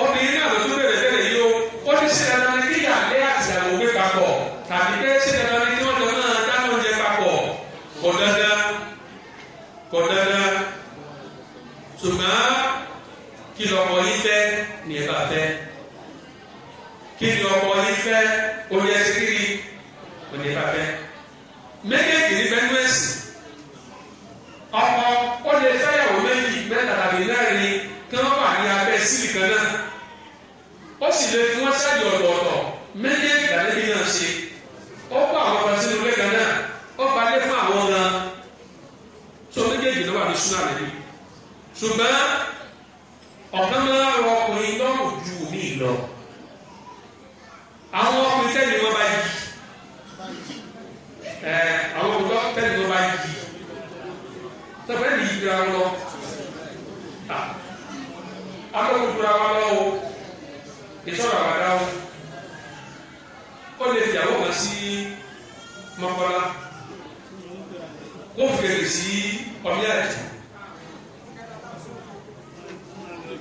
obìnrin náà ló tún bẹ̀rẹ̀ bẹ̀rẹ̀ yìí o ó ti ṣe dandan ní kí ìyàlẹ́ àti àwọn òwe papọ̀ tàbí pé ṣe dandan ní kí wọ́n jọ máa dáná oúnjẹ papọ̀ kò dandan kò dandan ṣùgbọ́n kí lọ́kọ yìí fẹ́ ní ẹ bá fẹ́ kí ni ọkọ yìí fẹ́ oúnjẹ ṣe kiri òní ẹ bá fẹ́ méjèèjì ní bẹ́ẹ̀ sì lè fún wọn sáàyè ọ̀dọ̀ ọ̀tọ̀ méjèèjì làdébí náà ṣe ó kó àwọn ọba sínú lẹ́gàn náà ó balẹ̀ fún àwọn náà tó méjèèjì ló wà ní súnà lẹ́yìn ṣùgbọ́n ọ̀kan náà mọ́kọ́lá kó fèrè sí ọ̀bíà ẹ̀jẹ̀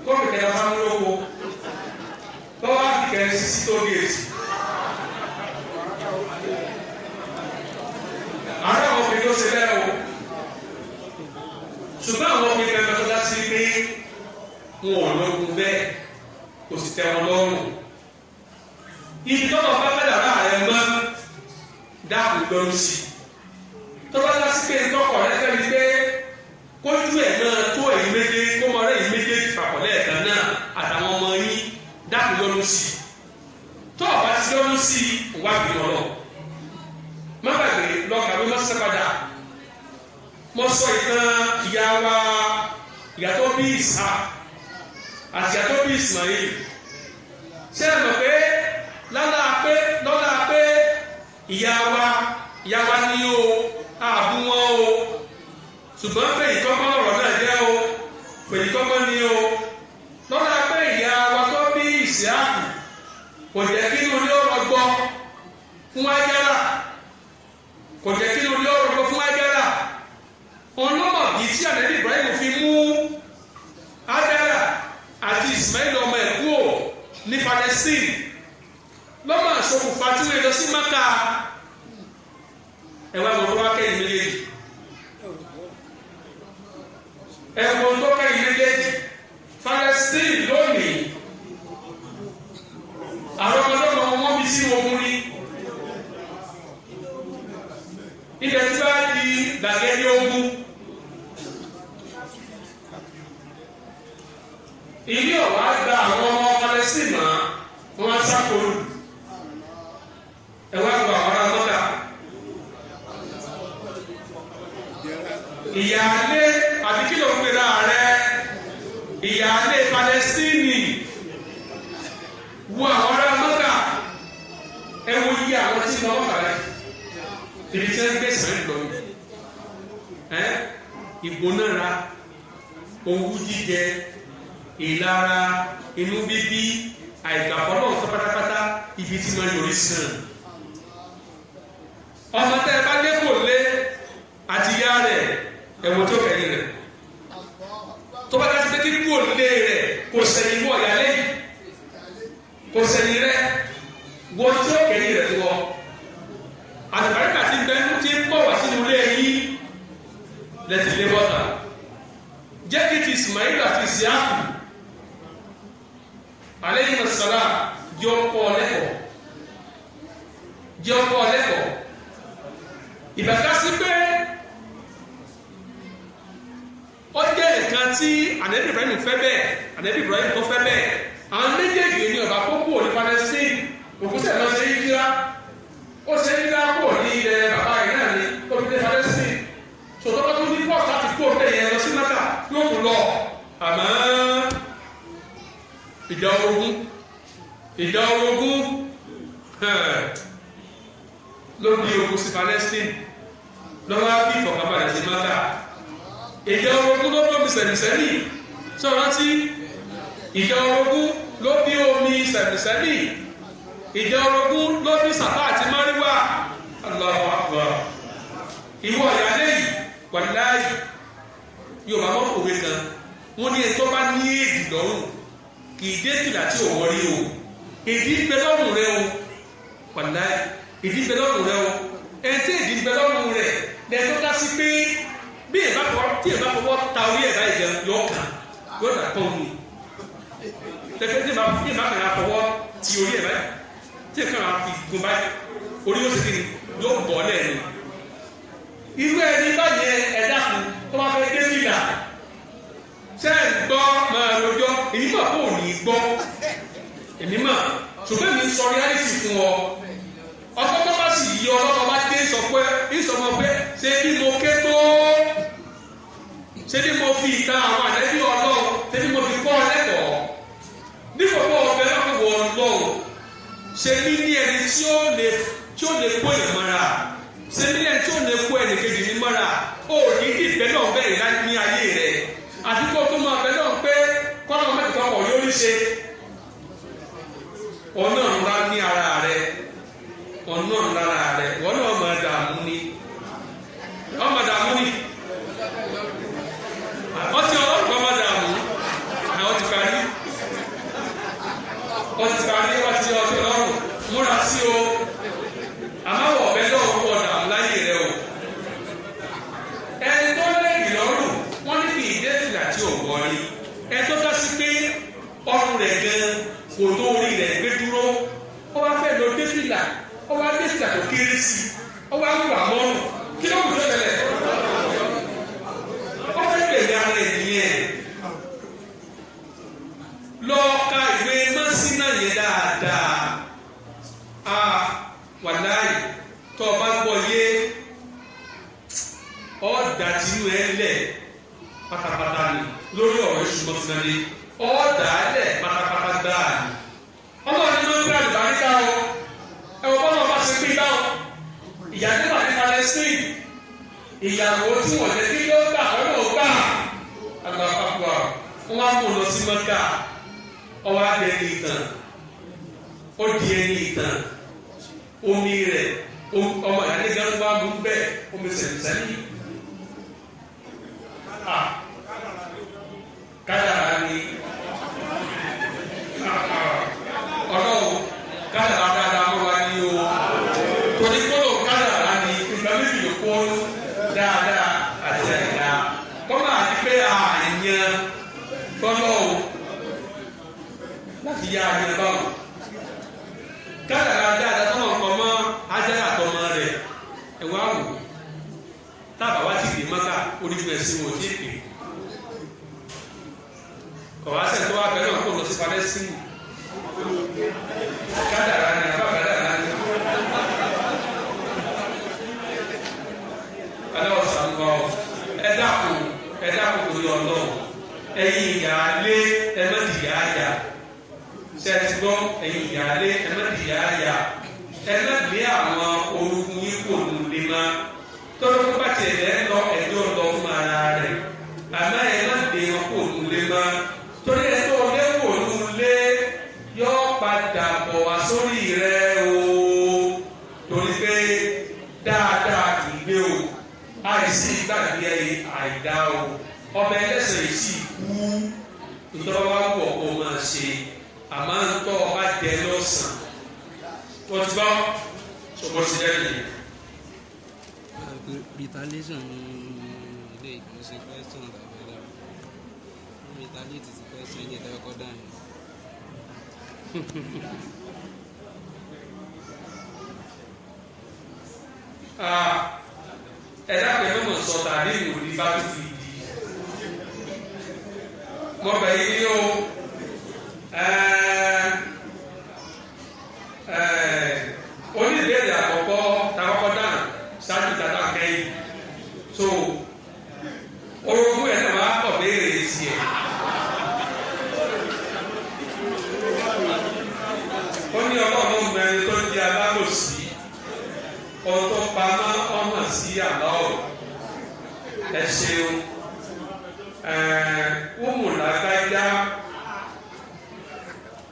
kó fèrè kẹta máa ń lówó kó wá fi kẹrẹ sí sí tóbi èsì. àwọn àwọn obìnrin ló ṣe bẹ́ẹ̀ o ṣùgbọ́n àwọn obìnrin tó dá sí pé wọn ò lógun bẹ́ẹ̀ kò sì tẹ wọn dáàbò lọ́nu sí i tọ́ba lọ sí pé ntọ́kọ̀ rẹ fẹ́ mi pé kójú ẹ̀ náà tó ẹ̀yìn méje kó mọ ẹ̀yìn méje papọ̀ lẹ́ẹ̀kan náà àtàwọn ọmọ yín dáàbò lọ́nu sí i tọ́ ọ̀bá ti lọ́nu sí i wá gbé lọ́nà má gbàgbé lọ́kà mi má sábàdà mo sọ ìtàn ìyá wa ìyá bí ìsà àti ìyá bí Ismail ṣé mọ̀ pé ìyá wa ìyá wa ní o àbú wọn o ṣùgbọ́n pé ìkọ́kọ́ ọ̀rọ̀ náà jẹ́ o pé ìkọ́kọ́ ni o lọ́dà pé ìyá wa tó bí ìsìáàkù kò jẹ́ kí ló ní ọ̀rọ̀ gbọ́ fún Hájárà kò jẹ́ kí ló ní ọ̀rọ̀ gbọ́ fún Hájárà ọlọ́mọ yìí tí àlẹ́ Ibrahim fi mú Hájárà àti Ismail ọmọ ẹ̀kú ò ní Palestine lọ́mọ àṣọkù fatiwe lọ sí maka ẹ̀wọ̀n àgbọ̀dọ̀ wa kẹ́yìn méjèèjì ẹ̀wọ̀. ìyáálé àti kí ló ń pera rẹ ìyáálé Palẹ́stíìnì wo àwọn ará mọ́tà ẹ wo iye àwọn tí wọ́n mọ́tà rẹ ibi tí wọ́n gbé sàn lọ ẹ ìgbónára owó jíjẹ ìlara inú bíbí àìgbàgbọ́ náà tó pátápátá ibi tí wọ́n yọrí sàn ọmọ tẹ́ ẹ bá dé kò lé àti yá rẹ̀ ẹ̀wọ̀n tó fẹ́ yìí rẹ̀ tó bá dá sí pé kí nígbò lé rẹ̀ kò sẹ́yìn wọ̀ yálé yìí kò sẹ́yìn rẹ̀ wọ́n tó fẹ́ yìí rẹ̀ wọ́ àtàbáríkà ti bẹ́ẹ̀ ti ń bọ̀ wá sínú ilé yìí lẹ́tì lé bọ́tà jẹ́ kí ti Ismail àti Isiaku aleyhi masala jẹ́ ọkọ̀ lẹ́kọ̀ọ́ jẹ́ ọkọ̀ lẹ́kọ̀ọ́ ìbàkásí. tí ànẹ́bí Ibrahim fẹ́ bẹ́ẹ̀ ànẹ́bí Ibrahim tó fẹ́ bẹ́ẹ̀ àwọn méjèèjì ni ọba kókó ní Palestine òkú sẹ̀ lọ sí yíra ó ṣe yíra kó ní ilẹ̀ bàbá rẹ̀ náà ní tó fi dé Palestine sọtọ́kọ́ tó ní pọ́ọ̀sì láti kó bẹ́ẹ̀ yẹn lọ sí Mẹ́kà yóò kú lọ àmọ́ ìjà orogún ìjà orogún ló di òkú sí Palestine lọ́wọ́ bí ìfọ̀kànbalẹ̀ sí Mẹ́kà ìjà orogún ló bí omi sẹ̀mìsẹ́mì sọ rántí ìjà orogún ló bí omi sẹ̀mìsẹ́mì ìjà orogún ló bí sàfà àti máríwá Allahu Akbar ìwọ ìyáálé yìí wàláyé yorùbá mọ́ òwe kan wọ́n ní ẹjọ́ bá ní èdè lọ́rùn kì í dé fìlà tí ò wọ́n rí o èdè ń rẹ o wàláyé èdè ń rẹ o ẹ̀ńtẹ́ èdè ń rẹ lẹ́tọ́ ká sí pé bí ìbá fọwọ́ tí ìbá fọwọ́ ta orí ẹ̀ báyìí jẹun yọ kàn yóò dà pọ̀ mu tẹ̀sẹ̀ tí ìbá tí ìbá fọwọ́ ti orí ẹ̀ báyìí tí ìbá kàn fi gun báyìí orí yóò sì yóò bọ̀ lẹ́ẹ̀ni irú ẹni báyìí ẹ̀dá kan tó bá fẹ́ dé fìlà ṣé ẹ̀ gbọ́ máa rojọ́ èyí mà kò ní gbọ́ èmi mà ṣùgbọ́n mi sọ reality fún ọ ọgbọ́n tó bá sì yí ọ bá dé sọ pé ìsọmọ pé ṣé bí mo ké tó ṣé ni mo fi ìta àwọn ànábì ọlọ́run ṣé ni mo fi kọ́ ọ lẹ́kọ̀ọ́ nífọ̀pọ̀ ọ̀bẹ lọ́wọ́ ọlọ́run ṣé ní ní ẹni tí ó lè tí ó lè kó ìmọ̀ra ṣé ní ẹni tí ó lè kó ẹnì kejì ní mọ́ra ó ní kí ìfẹ́ náà bẹ̀rẹ̀ ní ayé rẹ̀ àti kó tó máa bẹ náà pé kọ́nà mẹ́tẹ̀ẹ̀kọ́ ọ̀yọ́ ní ṣe ọ̀nà Thank you. ọ̀dà tìlú ẹ̀ lẹ̀ pátápátá ni lórí ọ̀rọ̀ ìṣúná sinadé ọ̀dà lẹ̀ pátápátá gbáà ni ọlọ́run ló ń gbé àlùbáríkà o ẹ̀wọ̀n bọ́lá ọba ṣe pín báwọn ìyàgbé wà ní Palestine ìyàwó tí wọ́n jẹ́ kí ló gbà ọ́ ló gbà alápapọ̀ wọn á mú lọ sí mọ́tà ọwọ́ adé ní ìtàn ó di ẹni ìtàn omi rẹ̀ ọmọ ìyá nígbà tó bá mú bẹ́ẹ̀ omi sẹ̀nsẹ̀ yìí. Então, acertou a pergunta, você parece assim. Cada ọ̀dá o ọmọ ẹlẹ́sẹ̀ yìí sì kú ntọ́wá wọ̀ kó máa ṣe àmọ́ ntọ́ ọba dẹ lọ́sàn wọ́n ti gbọ́ sọ̀bọ̀ sí ni ilé ìgbọ̀nsẹ̀ question tàbí ẹ̀dá retaliate ti question ilé ìdájọ́ kọ́ dáhùn. ah ẹ̀dá pé mọ̀mọ́ sọ tàbí ìwò ní bá tó fi di mọ̀ bẹ̀ yí o oníbèrè àkọ́kọ́ tàkọ́kọ́ dáná ṣáájú tàbá kẹ́yìn so orogún ẹ̀ náà wàá pọ̀ béèrè sí ẹ̀. ó ní ọlọ́run mẹ́rin tó ń di alábòsí ọtọ́ pamọ́ ọmọ sí àlọ́ ẹ ṣeun ọmọ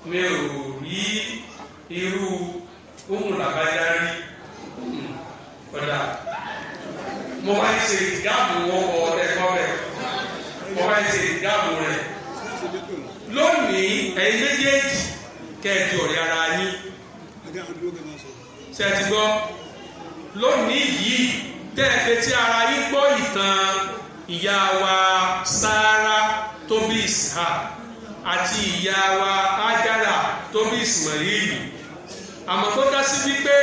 mi ò rí irú ọmọ làgbájá rí hmm, mo bá ń ṣe ìdáàbò ọkọ̀ ẹ̀kọ́ rẹ̀ mo bá ń ṣe ìdáàbò rẹ̀ lónìí ẹ̀yin kẹ́ẹ̀dì ọ̀rẹ́ ara yín ṣe gbọ́ lónìí yìí tẹ́ ẹ fetí ara yín gbọ́ ìtàn ìyá wa sáárà tó bí ìsà àti ìyá wa ájára tó bí ìsìmọ̀lìlì àmọ́ tó dá sí wípé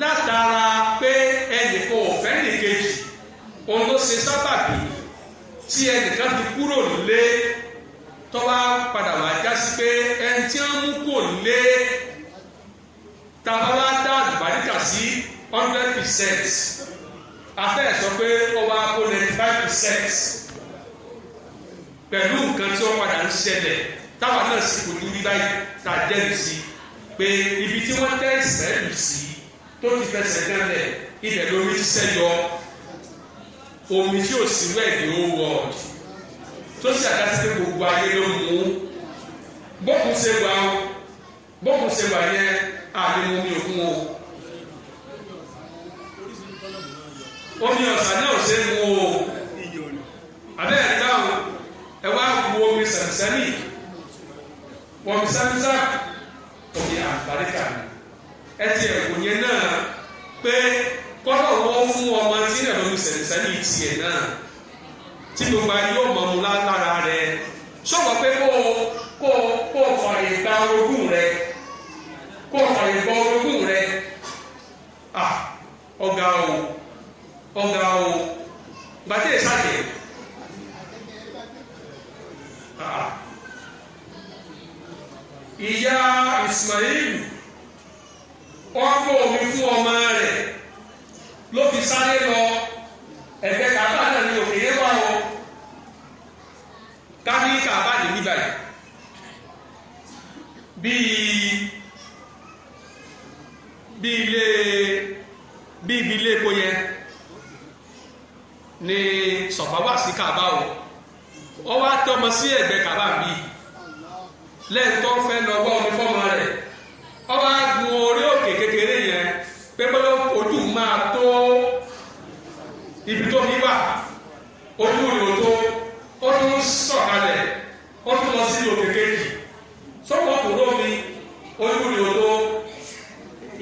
látara pé ẹnìkan ò fẹ́ nìkejì òun ló ṣe sábàbí tí ẹnìkan ti kúrò nílé tó wá padà wá já sí pé ẹni tí wọ́n mú kò nílé tá bá dá àlùbáríkà sí hundred percent afẹ́ sọ pé ó wá five percent pẹ̀lú nǹkan tí wọ́n padà ń ṣẹlẹ̀ táwa náà sì kò dúró báyìí tá a jẹ́rìí sí pé ibi tí wọ́n tẹ́ ìsẹ́lù sí tó ti fẹsẹ̀ gánlẹ̀ ilẹ̀ lórí sẹ́yọ omi tí ò sí wẹ́ẹ̀dì ó wọ̀ tó sì àdásí pé gbogbo ayé ló mú bọ́kùn ṣe wà bọ́kùn ṣe wà yẹn àlè mú òkun o. omi ọ̀sán náà ṣe ń wo abẹ́rẹ́ ẹ̀ka o ẹ wá wo omi sàmìsàmì omi sàmìsà omi àbáríkà ẹ ti ẹ̀kọ́ yẹn náà pé kọ́dọ̀ wọ́n fún ọmọ tí ẹ̀ lómi sàmìsàmì tiẹ̀ náà tí gbogbo ayé yóò mọ̀ mu lára rẹ̀ sọ̀rọ̀ pé kó kó kó fàyè gba orogún rẹ̀ kó fàyè gba orogún rẹ̀ ọ̀gá o ọ̀gá o gbàtí ìsáàkì Iya, ah. Ismail ọkọ omi fún ọmọ rẹ̀ ló fi sáré lọ ẹgbẹ́ kàbá náà ní òkè yẹn wà o kábí kàbá ní níbà yìí bíi bíi ilé bíi ibi ilé epo yẹn ni sọ̀fà wà sí kàbá o ọ wá tẹ ọmọ sí ẹ̀gbẹ́ kàbá mi lẹ́ẹ̀tọ́ fẹ́ lọ wá omi fọ́mọ rẹ̀ ọ bá gun orí òkè kékeré yẹn pé bọ́lá ojú máa tó ibi tó fi wà ojú rẹ̀ tó ó tún sọ̀kalẹ̀ ó tún lọ sí òkè kejì sọ́kọ̀ kò lómi ojú rẹ̀ tó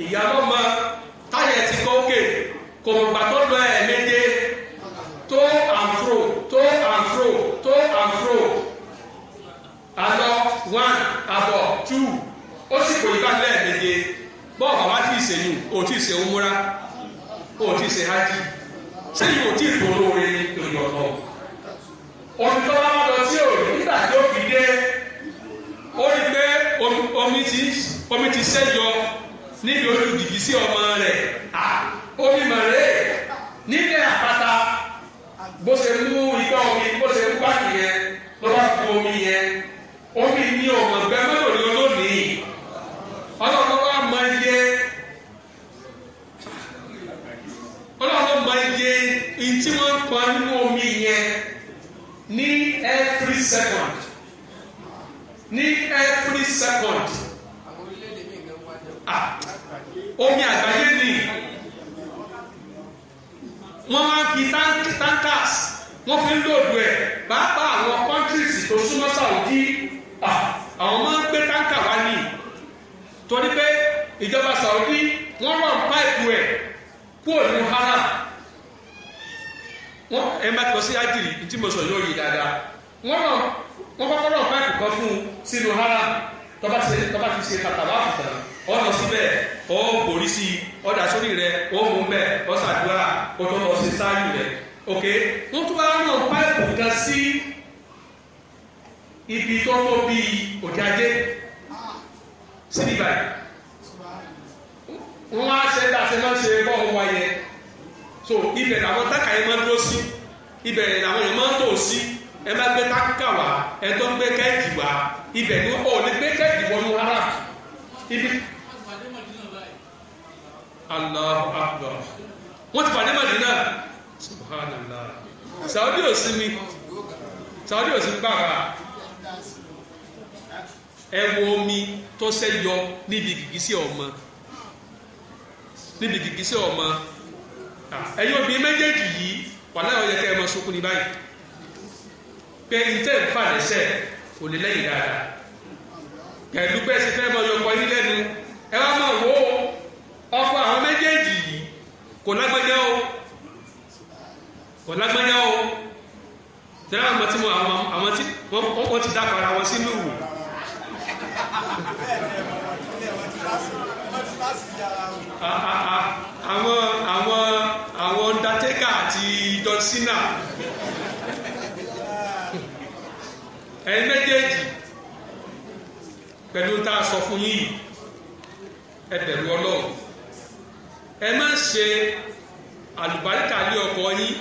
ìyá lọ́mọ táyà ti kọ́ òkè kò gbàtọ́ one àbọ̀ two ó sì kò yí bá lẹ́ẹ̀mejì bọ́ọ̀bù àwọn àti ìṣèyún ò tí ì ṣe òmúra ò tí ì ṣe hajj sẹ́yìn ò tí ì gbòòrò rẹ ní torí ọ̀nà òtítọ́ láwọn lọ sí òòlù nígbà tí ó fi dé ó rí pé omi ti sẹ́yọ níbi ojú dìgí sí ọmọ rẹ̀ omi mọ̀rẹ́ nílẹ̀ àpáta bó ṣe mú igbá omi bó ṣe mú báàkì yẹn lọ́wọ́ fún omi yẹn. берег torí pé ìjọba Saudi wọ́n rọ̀ páìpù ẹ̀ kúrò nínú haram wọ́n ẹ má tọ́ sí ájìrì tí mo sọ yóò yí dáadáa wọ́n rọ̀ wọ́n kọ́kọ́ rọ̀ páìpù kan fún un sínú haram tọ́ba ti ṣe kàtàwá fìtàn ọ̀nà síbẹ̀ ọ̀ borí sí ọ̀dà sórí rẹ̀ ó mú bẹ́ẹ̀ ọ̀sàdúrà ó tó lọ sí sáájú rẹ̀ ok wọ́n tún bá rọ̀ páìpù kan sí ibi tó tó bíi òkè ajé síbi báyìí wọn á ṣe bá a ṣe máa ń ṣe bọ́ọ̀ wá yẹ so ibẹ̀ làwọn táka yẹn máa ń dúró sí ibẹ̀ làwọn yẹn máa ń tò sí ẹ máa gbé táka wá ẹ tó ń gbé kẹ́ẹ̀kì wá ibẹ̀ ni ọ̀ ní gbé kẹ́ẹ̀kì wọnú rárá ibi. Allahu Akbar wọ́n ti pàdé Màdínà subhanallah Saudi ò sí mi Saudi ò sí ẹ wo omi. tó ṣẹ́yọ níbi gìgísẹ̀ ọmọ níbi gìgísẹ̀ ọmọ ẹ̀yin obìnrin méjèèjì yìí wà láyọ̀ kẹ́ ẹ máa sunkún ní báyìí pé nfa lẹ́sẹ̀ kò lè lẹ́yìn dáadáa pẹ̀lú pé fẹ́ máa yọ yín lẹ́nu ẹ wá àwọn méjèèjì yìí kò o kò o tẹ́lẹ̀ àwọn àwọn àwọn àwọn undertaker àti John Cena ẹ̀yin méjèèjì pẹ̀lú tá a sọ fún yín ẹ bẹ̀rù Ọlọ́run ẹ má ṣe àlùbáríkà lé ọkọ yín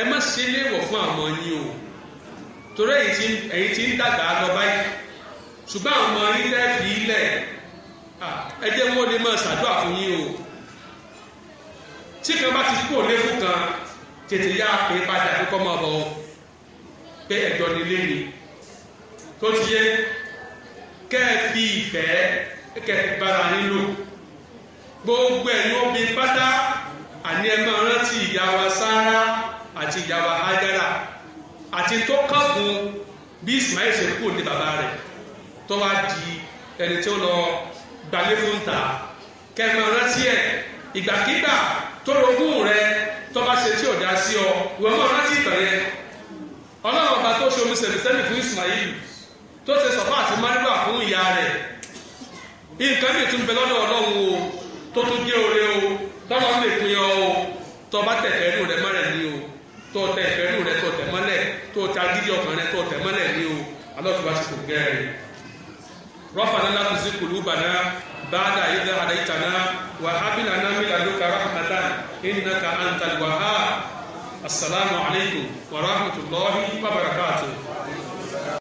ẹ má ṣe léèwọ̀ fún àwọn yín o torí ẹ̀yin tí ń dàgbà lọ báyìí ṣùgbọ́n àwọn ọmọ yín tẹ́ fi ilẹ̀ ẹ jẹ́ wọ́n lè máa ṣàdúrà fún yín o tí kan bá ti kú òlé fún kan tètè yá pé padà pé kọ́ máa bọ̀ ọ́ pé ẹ̀jọ́ nílé ni tó ti yé kẹ́ ẹ fi ìfẹ́ kẹ́ ẹ fi bára yín lò gbogbo ẹ̀yin obìnrin pátá àní ẹ máa rántí ìyá wa sáárà àti ìyá wa hájára àti tó kọ́kùn bí Ismail ṣe kú òde bàbá rẹ̀ tó wá di ẹni tí ó lọ gbalé fún ta kẹmẹ rántí ẹ ìgbàkigbà tó rogún rẹ tó bá ṣe tí ò dá sí ọ ìwọ mọ rántí ìtàn yẹn ọlọ́run ọba tó ṣe omi sẹ̀mísẹ́mì fún Ismail tó ṣe sọ̀fà àti mariwa fún ìyá rẹ̀ nǹkan mi tún bẹ lọ́dọ̀ ọlọ́run o tó tún jẹ́ oore o tọ́lọ́ ń lè pin ọ o tó bá tẹ̀ fẹ́ nù rẹ mọ́lẹ̀ ni o tó tẹ̀ fẹ́ nù rẹ tó tẹ̀ mọ́lẹ̀ tó tẹ̀ agídí ọkàn rẹ tó tẹ̀ mọ́lẹ̀ ni o alọ́fíwá ti kò gẹ́ ربنا لا تزغ قلوبنا بعد إذ هديتنا وهب لنا من لدنك رحمة إنك أنت الوهاب السلام عليكم ورحمة الله وبركاته